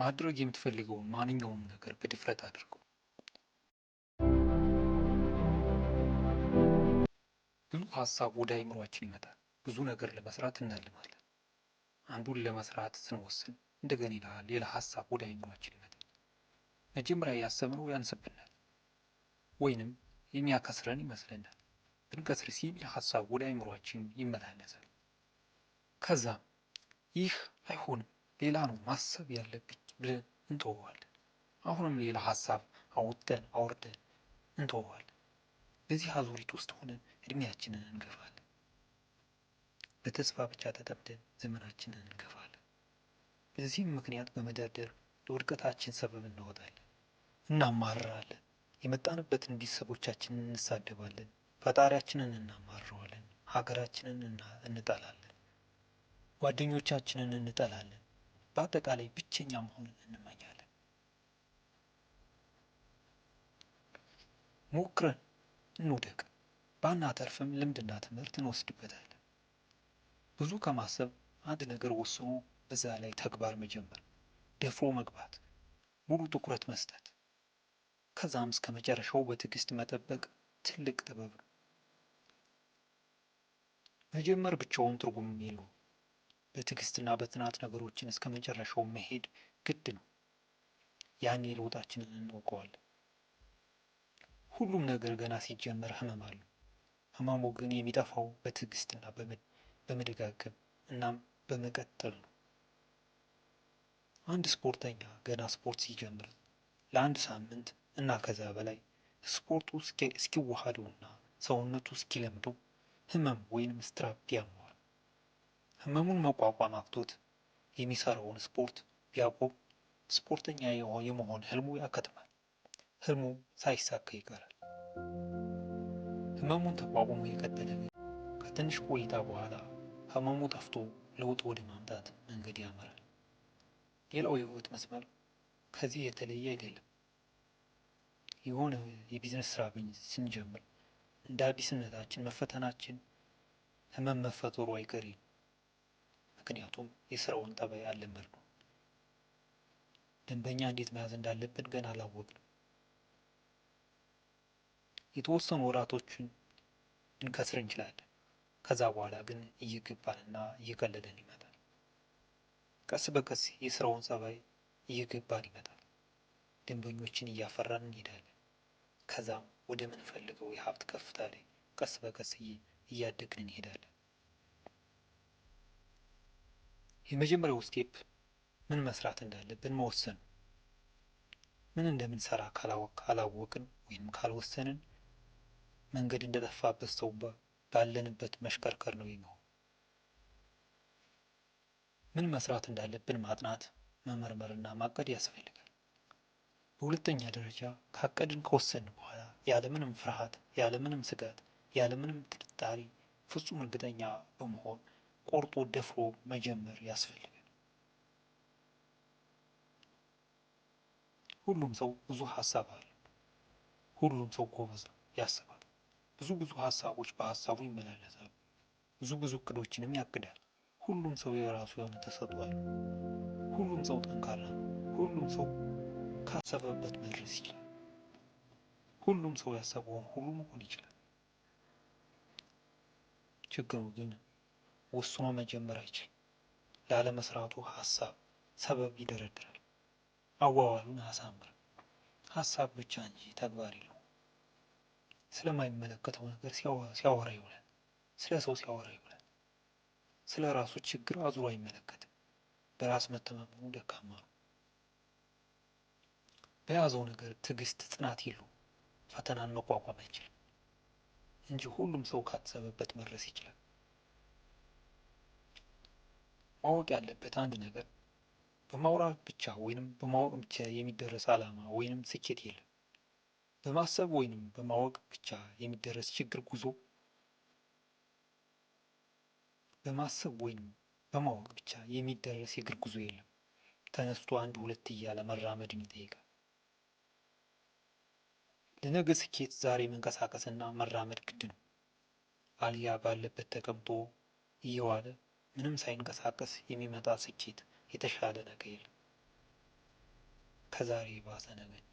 ማድረግ የምትፈልገውን ማንኛውም ነገር በድፍረት አድርገው። ብዙ ሀሳብ ወደ አይምሯችን ይመጣል። ብዙ ነገር ለመስራት እናልማለን። አንዱን ለመስራት ስንወስን እንደገና ይልሃል ሌላ ሀሳብ ወደ አይምሯችን ይመጣል። መጀመሪያ ያሰብነው ያንስብናል ወይንም የሚያከስረን ይመስለናል። ብንከስር ሲል ሀሳብ ወደ አይምሯችን ይመላለሳል። ከዛም ይህ አይሆንም ሌላ ነው ማሰብ ያለብኝ ብለን እንተወዋለን። አሁንም ሌላ ሀሳብ አውጥተን አውርደን እንተወዋለን። በዚህ አዙሪት ውስጥ ሆነን እድሜያችንን እንገፋለን። በተስፋ ብቻ ተጠምደን ዘመናችንን እንገፋለን። በዚህም ምክንያት በመደርደር ለውድቀታችን ሰበብ እንወጣለን፣ እናማርራለን። የመጣንበትን ቤተሰቦቻችንን እንሳደባለን፣ ፈጣሪያችንን እናማርረዋለን፣ ሀገራችንን እንጠላለን፣ ጓደኞቻችንን እንጠላለን። በአጠቃላይ ብቸኛ መሆኑን እንመኛለን። ሞክረን እንውደቅ፣ ባናተርፍም ልምድና ትምህርት እንወስድበታለን። ብዙ ከማሰብ አንድ ነገር ወስኖ በዛ ላይ ተግባር መጀመር፣ ደፍሮ መግባት፣ ሙሉ ትኩረት መስጠት፣ ከዛም እስከ መጨረሻው በትዕግስት መጠበቅ ትልቅ ጥበብ ነው። መጀመር ብቻውን ትርጉም የለውም። በትዕግስትና በትናት ነገሮችን እስከ መጨረሻው መሄድ ግድ ነው። ያኔ ለውጣችንን እናውቀዋለን። ሁሉም ነገር ገና ሲጀመር ህመም አለው። ህመሙ ግን የሚጠፋው በትዕግስትና በመደጋገም እናም በመቀጠል ነው። አንድ ስፖርተኛ ገና ስፖርት ሲጀምር ለአንድ ሳምንት እና ከዛ በላይ ስፖርቱ እስኪዋሃደውና ሰውነቱ እስኪለምደው ህመም ወይም ስትራፕ ያሟል። ህመሙን መቋቋም አቅቶት የሚሰራውን ስፖርት ቢያቆም ስፖርተኛ የመሆን ህልሙ ያከትማል። ህልሙ ሳይሳካ ይቀራል። ህመሙን ተቋቁሞ የቀጠለ ከትንሽ ቆይታ በኋላ ህመሙ ጠፍቶ ለውጥ ወደ ማምጣት መንገድ ያመራል። ሌላው የህይወት መስመር ከዚህ የተለየ አይደለም። የሆነ የቢዝነስ ስራ ስንጀምር እንደ አዲስነታችን መፈተናችን ህመም መፈጠሩ አይቀሬ ምክንያቱም የስራውን ጠባይ አልለመድ ነው። ደንበኛ እንዴት መያዝ እንዳለብን ገና አላወቅንም። የተወሰኑ ወራቶችን ልንከስር እንችላለን። ከዛ በኋላ ግን እየገባንና እየቀለለን ይመጣል። ቀስ በቀስ የስራውን ጸባይ እየገባን ይመጣል። ደንበኞችን እያፈራን እንሄዳለን። ከዛም ወደ ምንፈልገው የሀብት ከፍታ ላይ ቀስ በቀስ እያደግን እንሄዳለን። የመጀመሪያው ስቴፕ ምን መስራት እንዳለብን መወሰን ምን እንደምንሰራ ካላወቅን ወይም ካልወሰንን መንገድ እንደጠፋበት ሰው ባለንበት መሽከርከር ነው የሚሆን። ምን መስራት እንዳለብን ማጥናት መመርመርና ማቀድ ያስፈልጋል። በሁለተኛ ደረጃ ካቀድን ከወሰንን በኋላ ያለምንም ፍርሃት፣ ያለምንም ስጋት፣ ያለምንም ጥርጣሬ ፍጹም እርግጠኛ በመሆን ቆርጦ ደፍሮ መጀመር ያስፈልጋል። ሁሉም ሰው ብዙ ሀሳብ አለ። ሁሉም ሰው ጎበዝ ነው፣ ያስባል። ብዙ ብዙ ሀሳቦች በሀሳቡ ይመላለሳሉ። ብዙ ብዙ እቅዶችንም ያቅዳል። ሁሉም ሰው የራሱ የሆነ ተሰጥቷል። ሁሉም ሰው ጠንካራ ነው። ሁሉም ሰው ካሰበበት መድረስ ይችላል። ሁሉም ሰው ያሰበውን ሁሉ መሆን ይችላል። ችግሩ ግን ወስኖ መጀመር አይችልም። ላለመስራቱ ሀሳብ ሰበብ ይደረድራል። አዋዋሉን አሳምር። ሀሳብ ብቻ እንጂ ተግባር የለው። ስለማይመለከተው ነገር ሲያወራ ይውላል። ስለ ሰው ሲያወራ ይውላል። ስለ ራሱ ችግር አዙሮ አይመለከትም። በራስ መተማመኑ ደካማ ነው። በያዘው ነገር ትዕግስት፣ ጽናት የለው። ፈተናን መቋቋም አይችልም እንጂ ሁሉም ሰው ካተሰበበት መድረስ ይችላል። ማወቅ ያለበት አንድ ነገር በማውራት ብቻ ወይንም በማወቅ ብቻ የሚደረስ ዓላማ ወይንም ስኬት የለም። በማሰብ ወይንም በማወቅ ብቻ የሚደረስ ችግር ጉዞ በማሰብ ወይንም በማወቅ ብቻ የሚደረስ የእግር ጉዞ የለም። ተነስቶ አንድ ሁለት እያለ መራመድ ይጠይቃል። ለነገ ስኬት ዛሬ መንቀሳቀስና መራመድ ግድ ነው። አልያ ባለበት ተቀምጦ እየዋለ ምንም ሳይንቀሳቀስ የሚመጣ ስኬት የተሻለ ነገር ከዛሬ የባሰ ነገር